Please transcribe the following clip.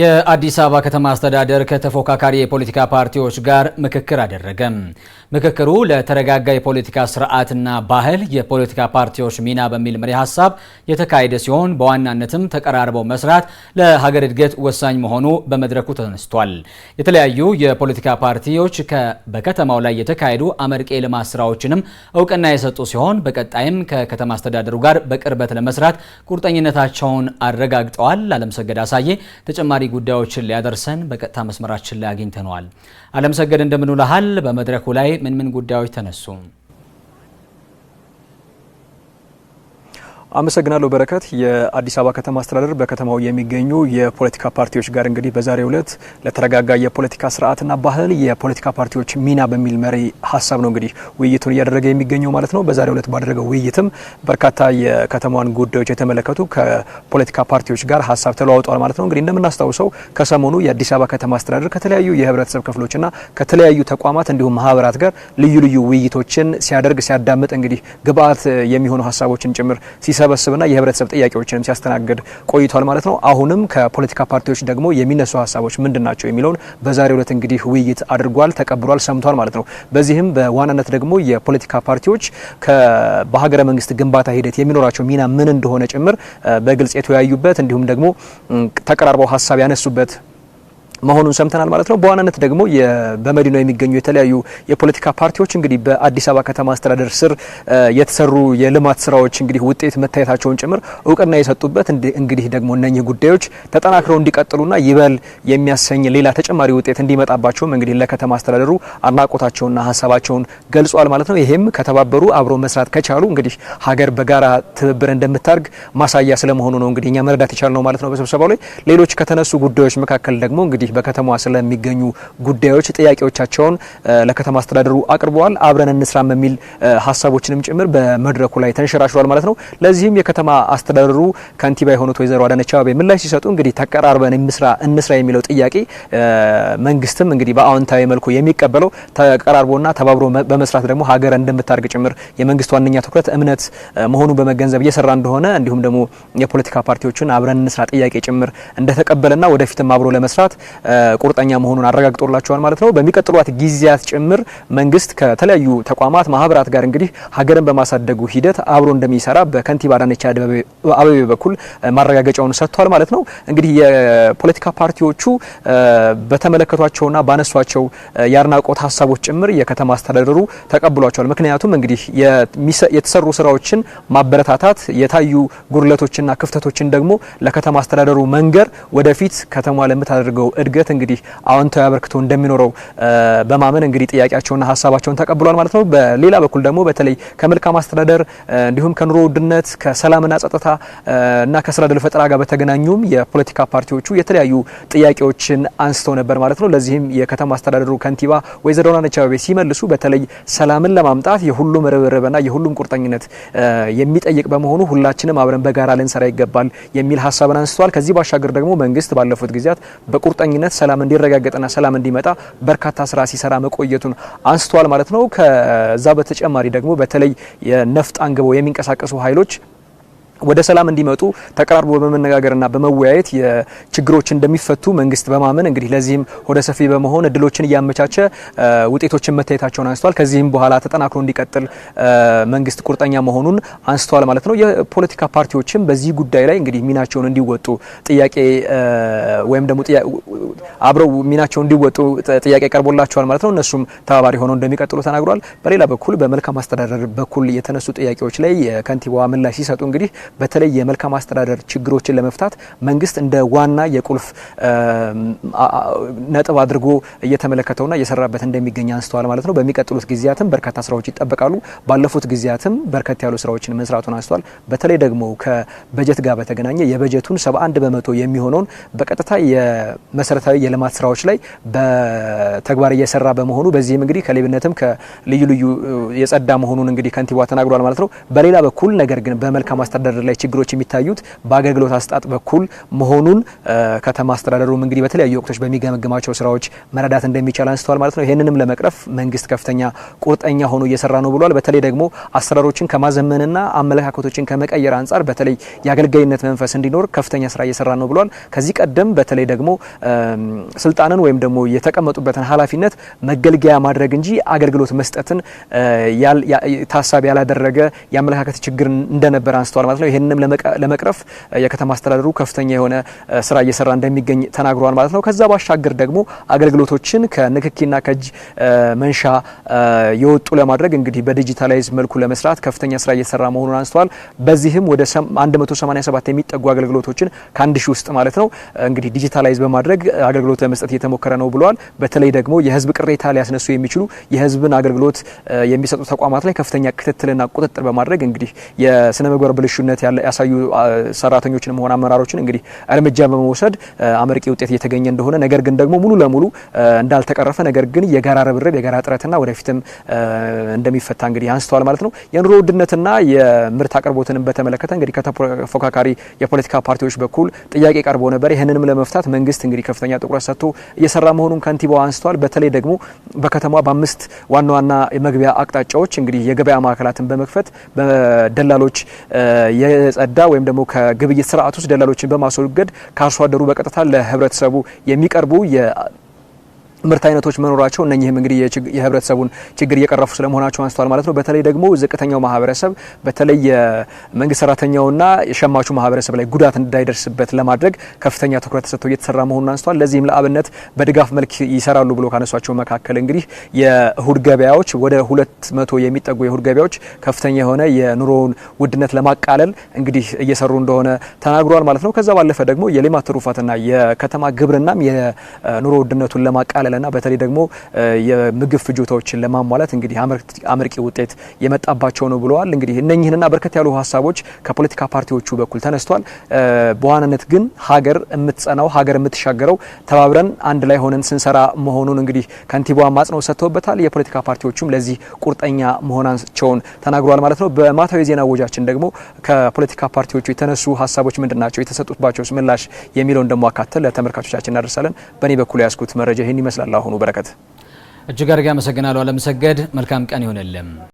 የአዲስ አበባ ከተማ አስተዳደር ከተፎካካሪ የፖለቲካ ፓርቲዎች ጋር ምክክር አደረገም። ምክክሩ ለተረጋጋ የፖለቲካ ስርዓትና ባህል የፖለቲካ ፓርቲዎች ሚና በሚል መሪ ሀሳብ የተካሄደ ሲሆን በዋናነትም ተቀራርበው መስራት ለሀገር እድገት ወሳኝ መሆኑ በመድረኩ ተነስቷል። የተለያዩ የፖለቲካ ፓርቲዎች በከተማው ላይ የተካሄዱ አመርቂ የልማት ስራዎችንም እውቅና የሰጡ ሲሆን በቀጣይም ከከተማ አስተዳደሩ ጋር በቅርበት ለመስራት ቁርጠኝነታቸውን አረጋግጠዋል። አለምሰገድ አሳዬ ተጨማሪ ጉዳዮችን ሊያደርሰን በቀጥታ መስመራችን ላይ አግኝተነዋል። አለምሰገድ እንደምንውልሃል። በመድረኩ ላይ ምን ምን ጉዳዮች ተነሱ? አመሰግናለሁ በረከት። የአዲስ አበባ ከተማ አስተዳደር በከተማው የሚገኙ የፖለቲካ ፓርቲዎች ጋር እንግዲህ በዛሬው ዕለት ለተረጋጋ የፖለቲካ ስርዓትና ባህል የፖለቲካ ፓርቲዎች ሚና በሚል መሪ ሀሳብ ነው እንግዲህ ውይይቱን እያደረገ የሚገኘው ማለት ነው። በዛሬው ዕለት ባደረገው ውይይትም በርካታ የከተማዋን ጉዳዮች የተመለከቱ ከፖለቲካ ፓርቲዎች ጋር ሀሳብ ተለዋውጧል ማለት ነው። እንግዲህ እንደምናስታውሰው ከሰሞኑ የአዲስ አበባ ከተማ አስተዳደር ከተለያዩ የህብረተሰብ ክፍሎችና ከተለያዩ ተቋማት እንዲሁም ማህበራት ጋር ልዩ ልዩ ውይይቶችን ሲያደርግ ሲያዳምጥ እንግዲህ ግብአት የሚሆኑ ሀሳቦችን ጭምር ሲሰ ሲሰበስብና የህብረተሰብ ጥያቄዎችንም ሲያስተናግድ ቆይቷል ማለት ነው። አሁንም ከፖለቲካ ፓርቲዎች ደግሞ የሚነሱ ሀሳቦች ምንድን ናቸው የሚለውን በዛሬው ዕለት እንግዲህ ውይይት አድርጓል፣ ተቀብሏል፣ ሰምቷል ማለት ነው። በዚህም በዋናነት ደግሞ የፖለቲካ ፓርቲዎች በሀገረ መንግስት ግንባታ ሂደት የሚኖራቸው ሚና ምን እንደሆነ ጭምር በግልጽ የተወያዩበት እንዲሁም ደግሞ ተቀራርበው ሀሳብ ያነሱበት መሆኑን ሰምተናል ማለት ነው። በዋናነት ደግሞ በመዲናው የሚገኙ የተለያዩ የፖለቲካ ፓርቲዎች እንግዲህ በአዲስ አበባ ከተማ አስተዳደር ስር የተሰሩ የልማት ስራዎች እንግዲህ ውጤት መታየታቸውን ጭምር እውቅና የሰጡበት እንግዲህ ደግሞ እነኚህ ጉዳዮች ተጠናክረው እንዲቀጥሉና ይበል የሚያሰኝ ሌላ ተጨማሪ ውጤት እንዲመጣባቸውም እንግዲህ ለከተማ አስተዳደሩ አድናቆታቸውና ሀሳባቸውን ገልጿል ማለት ነው። ይሄም ከተባበሩ አብሮ መስራት ከቻሉ እንግዲህ ሀገር በጋራ ትብብር እንደምታርግ ማሳያ ስለመሆኑ ነው እንግዲህ እኛ መረዳት የቻልነው ማለት ነው በስብሰባው ላይ ሌሎች ከተነሱ ጉዳዮች መካከል ደግሞ እንግዲህ ነዋሪዎች በከተማዋ ስለሚገኙ ጉዳዮች ጥያቄዎቻቸውን ለከተማ አስተዳደሩ አቅርበዋል። አብረን እንስራም የሚል ሀሳቦችንም ጭምር በመድረኩ ላይ ተንሸራሽሯል ማለት ነው። ለዚህም የከተማ አስተዳደሩ ከንቲባ የሆኑት ወይዘሮ አዳነች አቤቤ ምላሽ ሲሰጡ እንግዲህ ተቀራርበን እንስራ የሚለው ጥያቄ መንግስትም እንግዲህ በአዎንታዊ መልኩ የሚቀበለው ተቀራርቦና ተባብሮ በመስራት ደግሞ ሀገር እንደምታርግ ጭምር የመንግስት ዋነኛ ትኩረት እምነት መሆኑን በመገንዘብ እየሰራ እንደሆነ እንዲሁም ደግሞ የፖለቲካ ፓርቲዎችን አብረን እንስራ ጥያቄ ጭምር እንደተቀበለና ወደፊትም አብሮ ለመስራት ቁርጠኛ መሆኑን አረጋግጦላቸዋል ማለት ነው። በሚቀጥሏት ጊዜያት ጭምር መንግስት ከተለያዩ ተቋማት፣ ማህበራት ጋር እንግዲህ ሀገርን በማሳደጉ ሂደት አብሮ እንደሚሰራ በከንቲባ አዳነች አቤቤ በኩል ማረጋገጫውን ሰጥቷል ማለት ነው። እንግዲህ የፖለቲካ ፓርቲዎቹ በተመለከቷቸውና ባነሷቸው የአድናቆት ሀሳቦች ጭምር የከተማ አስተዳደሩ ተቀብሏቸዋል። ምክንያቱም እንግዲህ የተሰሩ ስራዎችን ማበረታታት፣ የታዩ ጉድለቶችና ክፍተቶችን ደግሞ ለከተማ አስተዳደሩ መንገር ወደፊት ከተማ ለምታደርገው እድገት እንግዲህ አዎንታዊ አበርክቶ እንደሚኖረው በማመን እንግዲህ ጥያቄያቸውና ሀሳባቸውን ተቀብሏል ማለት ነው። በሌላ በኩል ደግሞ በተለይ ከመልካም አስተዳደር እንዲሁም ከኑሮ ውድነት ከሰላምና ጸጥታ እና ከስራ ዕድል ፈጠራ ጋር በተገናኙም የፖለቲካ ፓርቲዎቹ የተለያዩ ጥያቄዎችን አንስተው ነበር ማለት ነው። ለዚህም የከተማ አስተዳደሩ ከንቲባ ወይዘሮ አዳነች አቤቤ ሲመልሱ በተለይ ሰላምን ለማምጣት የሁሉም ርብርብና የሁሉም ቁርጠኝነት የሚጠይቅ በመሆኑ ሁላችንም አብረን በጋራ ልንሰራ ይገባል የሚል ሀሳብን አንስተዋል። ከዚህ ባሻገር ደግሞ መንግስት ባለፉት ጊዜያት በቁርጠኝነት አማካኝነት ሰላም እንዲረጋገጥና ሰላም እንዲመጣ በርካታ ስራ ሲሰራ መቆየቱን አንስተዋል ማለት ነው። ከዛ በተጨማሪ ደግሞ በተለይ ነፍጥ አንግበው የሚንቀሳቀሱ ኃይሎች ወደ ሰላም እንዲመጡ ተቀራርቦ በመነጋገርና በመወያየት የችግሮች እንደሚፈቱ መንግስት በማመን እንግዲህ ለዚህም ሆደ ሰፊ በመሆን እድሎችን እያመቻቸ ውጤቶችን መታየታቸውን አንስቷል ከዚህም በኋላ ተጠናክሮ እንዲቀጥል መንግስት ቁርጠኛ መሆኑን አንስቷል ማለት ነው። የፖለቲካ ፓርቲዎችም በዚህ ጉዳይ ላይ እንግዲህ ሚናቸውን እንዲወጡ ጥያቄ ወይም ደግሞ አብረው ሚናቸውን እንዲወጡ ጥያቄ ቀርቦላቸዋል ማለት ነው። እነሱም ተባባሪ ሆነው እንደሚቀጥሉ ተናግሯል። በሌላ በኩል በመልካም አስተዳደር በኩል የተነሱ ጥያቄዎች ላይ የከንቲባዋ ምላሽ ሲሰጡ እንግዲህ በተለይ የመልካም አስተዳደር ችግሮችን ለመፍታት መንግስት እንደ ዋና የቁልፍ ነጥብ አድርጎ እየተመለከተውና እየሰራበት እንደሚገኝ አንስተዋል ማለት ነው። በሚቀጥሉት ጊዜያትም በርካታ ስራዎች ይጠበቃሉ። ባለፉት ጊዜያትም በርከት ያሉ ስራዎችን መስራቱን አንስተዋል። በተለይ ደግሞ ከበጀት ጋር በተገናኘ የበጀቱን 71 በመቶ የሚሆነውን በቀጥታ የመሰረታዊ የልማት ስራዎች ላይ በተግባር እየሰራ በመሆኑ በዚህም እንግዲህ ከሌብነትም ከልዩ ልዩ የጸዳ መሆኑን እንግዲህ ከንቲባ ተናግሯል ማለት ነው። በሌላ በኩል ነገር ግን በመልካም አስተዳደር አስተዳደር ላይ ችግሮች የሚታዩት በአገልግሎት አሰጣጥ በኩል መሆኑን ከተማ አስተዳደሩም እንግዲህ በተለያዩ ወቅቶች በሚገመግማቸው ስራዎች መረዳት እንደሚቻል አንስተዋል ማለት ነው። ይህንንም ለመቅረፍ መንግስት ከፍተኛ ቁርጠኛ ሆኖ እየሰራ ነው ብሏል። በተለይ ደግሞ አሰራሮችን ከማዘመንና አመለካከቶችን ከመቀየር አንጻር በተለይ የአገልጋይነት መንፈስ እንዲኖር ከፍተኛ ስራ እየሰራ ነው ብሏል። ከዚህ ቀደም በተለይ ደግሞ ስልጣንን ወይም ደግሞ የተቀመጡበትን ኃላፊነት መገልገያ ማድረግ እንጂ አገልግሎት መስጠትን ታሳቢ ያላደረገ የአመለካከት ችግር እንደነበር አንስተዋል ማለት ነው። ይህንንም ለመቅረፍ የከተማ አስተዳደሩ ከፍተኛ የሆነ ስራ እየሰራ እንደሚገኝ ተናግሯል ማለት ነው። ከዛ ባሻገር ደግሞ አገልግሎቶችን ከንክኪና ከእጅ መንሻ የወጡ ለማድረግ እንግዲህ በዲጂታላይዝ መልኩ ለመስራት ከፍተኛ ስራ እየሰራ መሆኑን አንስተዋል። በዚህም ወደ 187 የሚጠጉ አገልግሎቶችን ከአንድ ሺህ ውስጥ ማለት ነው እንግዲህ ዲጂታላይዝ በማድረግ አገልግሎት ለመስጠት እየተሞከረ ነው ብለዋል። በተለይ ደግሞ የህዝብ ቅሬታ ሊያስነሱ የሚችሉ የህዝብን አገልግሎት የሚሰጡ ተቋማት ላይ ከፍተኛ ክትትልና ቁጥጥር በማድረግ እንግዲህ የስነ ምግባር ብልሹነት ቁርጠኝነት ያሳዩ ሰራተኞችንም ሆነ አመራሮችን እንግዲህ እርምጃ በመውሰድ አመርቂ ውጤት እየተገኘ እንደሆነ ነገር ግን ደግሞ ሙሉ ለሙሉ እንዳልተቀረፈ ነገር ግን የጋራ ርብርብ የጋራ ጥረትና ወደፊትም እንደሚፈታ እንግዲህ አንስተዋል ማለት ነው። የኑሮ ውድነትና የምርት አቅርቦትንም በተመለከተ እንግዲህ ከተፎካካሪ የፖለቲካ ፓርቲዎች በኩል ጥያቄ ቀርቦ ነበር። ይህንንም ለመፍታት መንግስት እንግዲህ ከፍተኛ ትኩረት ሰጥቶ እየሰራ መሆኑን ከንቲባው አንስተዋል። በተለይ ደግሞ በከተማ በአምስት ዋና ዋና የመግቢያ አቅጣጫዎች እንግዲህ የገበያ ማዕከላትን በመክፈት በደላሎች የጸዳ ወይም ደግሞ ከግብይት ስርዓት ውስጥ ደላሎችን በማስወገድ ከአርሶ አደሩ በቀጥታ ለህብረተሰቡ የሚቀርቡ ምርት አይነቶች መኖራቸው እነኚህም እንግዲህ የህብረተሰቡን ችግር እየቀረፉ ስለመሆናቸው አንስተዋል ማለት ነው። በተለይ ደግሞ ዝቅተኛው ማህበረሰብ በተለይ የመንግስት ሰራተኛውና የሸማቹ ማህበረሰብ ላይ ጉዳት እንዳይደርስበት ለማድረግ ከፍተኛ ትኩረት ተሰጥቶ እየተሰራ መሆኑን አንስተዋል። ለዚህም ለአብነት በድጋፍ መልክ ይሰራሉ ብሎ ካነሷቸው መካከል እንግዲህ የእሁድ ገበያዎች ወደ ሁለት መቶ የሚጠጉ የእሁድ ገበያዎች ከፍተኛ የሆነ የኑሮውን ውድነት ለማቃለል እንግዲህ እየሰሩ እንደሆነ ተናግሯል ማለት ነው። ከዛ ባለፈ ደግሞ የሌማት ትሩፋትና የከተማ ግብርናም የኑሮ ውድነቱን ለማቃለል ያገለገለና በተለይ ደግሞ የምግብ ፍጆታዎችን ለማሟላት እንግዲህ አመርቂ ውጤት የመጣባቸው ነው ብለዋል። እንግዲህ እነኚህንና በርከት ያሉ ሀሳቦች ከፖለቲካ ፓርቲዎቹ በኩል ተነስቷል። በዋናነት ግን ሀገር የምትጸናው ሀገር የምትሻገረው ተባብረን አንድ ላይ ሆነን ስንሰራ መሆኑን እንግዲህ ከንቲባዋ ማጽነው ሰጥተውበታል። የፖለቲካ ፓርቲዎቹም ለዚህ ቁርጠኛ መሆናቸውን ተናግሯል ማለት ነው። በማታዊ ዜና ወጃችን ደግሞ ከፖለቲካ ፓርቲዎቹ የተነሱ ሀሳቦች ምንድን ናቸው፣ የተሰጡባቸውስ ምላሽ የሚለውን ደግሞ አካተል ለተመልካቾቻችን እናደርሳለን። በእኔ በኩል ያስኩት መረጃ ይህን ይመስላል። ይመስላል አሁኑ። በረከት እጅግ አድርጌ አመሰግናለሁ አለምሰገድ። መልካም ቀን ይሆንልም።